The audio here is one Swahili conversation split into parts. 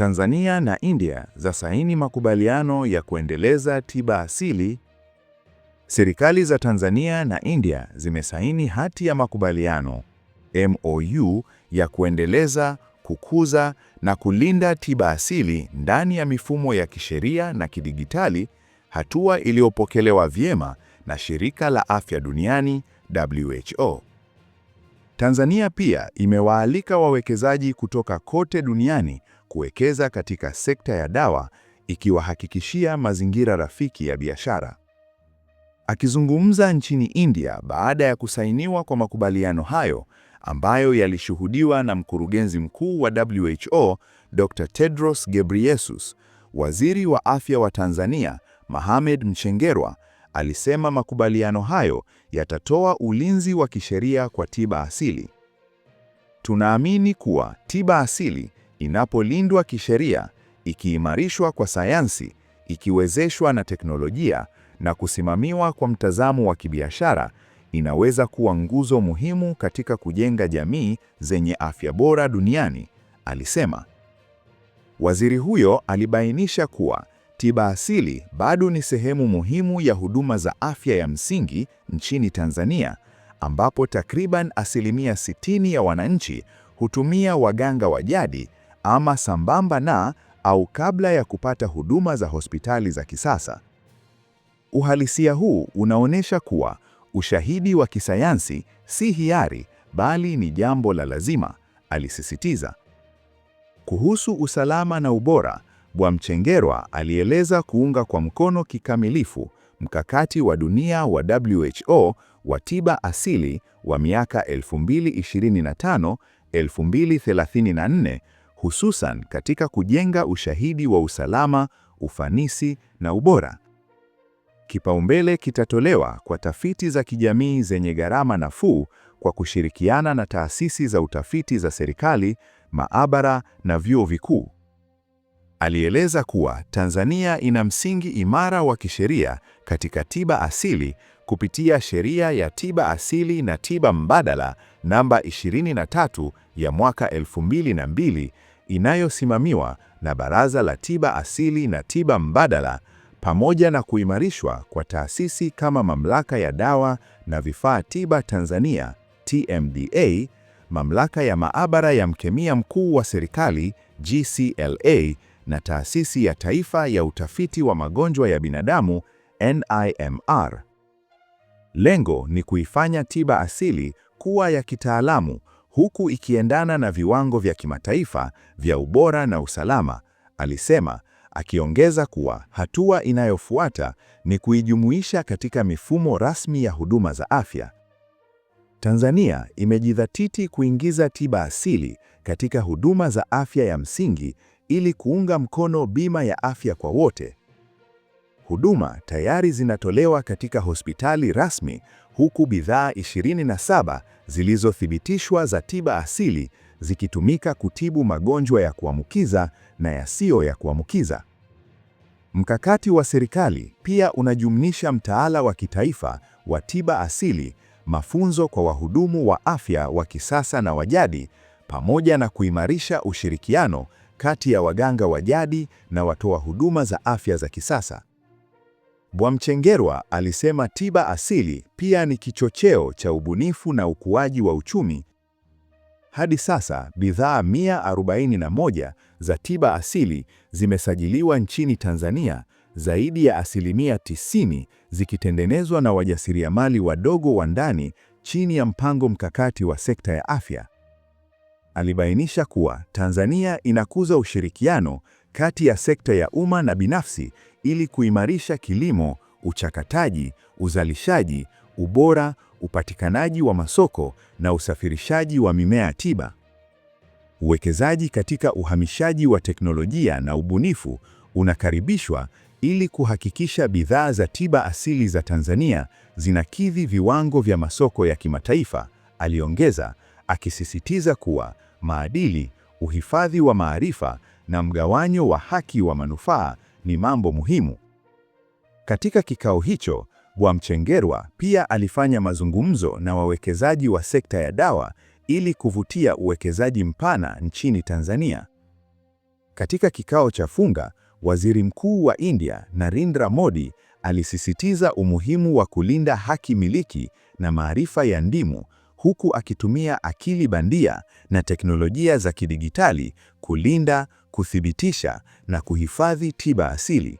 Tanzania na India zasaini makubaliano ya kuendeleza tiba asili. Serikali za Tanzania na India zimesaini hati ya makubaliano MOU ya kuendeleza, kukuza na kulinda tiba asili ndani ya mifumo ya kisheria na kidigitali, hatua iliyopokelewa vyema na Shirika la Afya Duniani WHO. Tanzania pia imewaalika wawekezaji kutoka kote duniani kuwekeza katika sekta ya dawa ikiwahakikishia mazingira rafiki ya biashara. Akizungumza nchini India baada ya kusainiwa kwa makubaliano hayo ambayo yalishuhudiwa na mkurugenzi mkuu wa WHO Dr. Tedros Ghebreyesus, waziri wa afya wa Tanzania Mohamed Mchengerwa alisema makubaliano hayo yatatoa ulinzi wa kisheria kwa tiba asili. Tunaamini kuwa tiba asili Inapolindwa kisheria, ikiimarishwa kwa sayansi, ikiwezeshwa na teknolojia na kusimamiwa kwa mtazamo wa kibiashara, inaweza kuwa nguzo muhimu katika kujenga jamii zenye afya bora duniani, alisema. Waziri huyo alibainisha kuwa tiba asili bado ni sehemu muhimu ya huduma za afya ya msingi nchini Tanzania, ambapo takriban asilimia 60 ya wananchi hutumia waganga wa jadi ama sambamba na au kabla ya kupata huduma za hospitali za kisasa. Uhalisia huu unaonyesha kuwa ushahidi wa kisayansi si hiari bali ni jambo la lazima, alisisitiza. Kuhusu usalama na ubora, Bwamchengerwa alieleza kuunga kwa mkono kikamilifu mkakati wa dunia wa WHO wa tiba asili wa miaka 2025-2034 hususan katika kujenga ushahidi wa usalama, ufanisi na ubora. Kipaumbele kitatolewa kwa tafiti za kijamii zenye gharama nafuu kwa kushirikiana na taasisi za utafiti za serikali, maabara na vyuo vikuu. Alieleza kuwa Tanzania ina msingi imara wa kisheria katika tiba asili kupitia Sheria ya Tiba Asili na Tiba Mbadala namba 23 ya mwaka 2002 inayosimamiwa na Baraza la Tiba Asili na Tiba Mbadala pamoja na kuimarishwa kwa taasisi kama Mamlaka ya Dawa na Vifaa Tiba Tanzania TMDA, Mamlaka ya Maabara ya Mkemia Mkuu wa Serikali GCLA na Taasisi ya Taifa ya Utafiti wa Magonjwa ya Binadamu NIMR. Lengo ni kuifanya tiba asili kuwa ya kitaalamu huku ikiendana na viwango vya kimataifa vya ubora na usalama, alisema, akiongeza kuwa hatua inayofuata ni kuijumuisha katika mifumo rasmi ya huduma za afya. Tanzania imejidhatiti kuingiza tiba asili katika huduma za afya ya msingi ili kuunga mkono bima ya afya kwa wote Huduma tayari zinatolewa katika hospitali rasmi, huku bidhaa 27 zilizothibitishwa za tiba asili zikitumika kutibu magonjwa ya kuambukiza na yasiyo ya kuambukiza. Mkakati wa serikali pia unajumlisha mtaala wa kitaifa wa tiba asili, mafunzo kwa wahudumu wa afya wa kisasa na wajadi, pamoja na kuimarisha ushirikiano kati ya waganga wa jadi na watoa huduma za afya za kisasa. Bwamchengerwa alisema tiba asili pia ni kichocheo cha ubunifu na ukuaji wa uchumi. Hadi sasa, bidhaa 141 za tiba asili zimesajiliwa nchini Tanzania, zaidi ya asilimia 90 zikitengenezwa na wajasiriamali wadogo wa ndani chini ya mpango mkakati wa sekta ya afya. Alibainisha kuwa Tanzania inakuza ushirikiano kati ya sekta ya umma na binafsi ili kuimarisha kilimo, uchakataji, uzalishaji, ubora, upatikanaji wa masoko na usafirishaji wa mimea tiba. Uwekezaji katika uhamishaji wa teknolojia na ubunifu unakaribishwa ili kuhakikisha bidhaa za tiba asili za Tanzania zinakidhi viwango vya masoko ya kimataifa, aliongeza, akisisitiza kuwa maadili, uhifadhi wa maarifa na mgawanyo wa haki wa manufaa ni mambo muhimu. Katika kikao hicho, Bwa Mchengerwa pia alifanya mazungumzo na wawekezaji wa sekta ya dawa ili kuvutia uwekezaji mpana nchini Tanzania. Katika kikao cha funga, Waziri Mkuu wa India Narendra Modi alisisitiza umuhimu wa kulinda haki miliki na maarifa ya ndimu huku akitumia akili bandia na teknolojia za kidijitali kulinda, kuthibitisha na kuhifadhi tiba asili.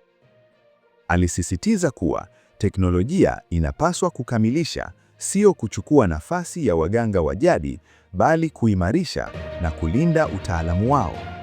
Alisisitiza kuwa teknolojia inapaswa kukamilisha, sio kuchukua nafasi ya waganga wa jadi, bali kuimarisha na kulinda utaalamu wao.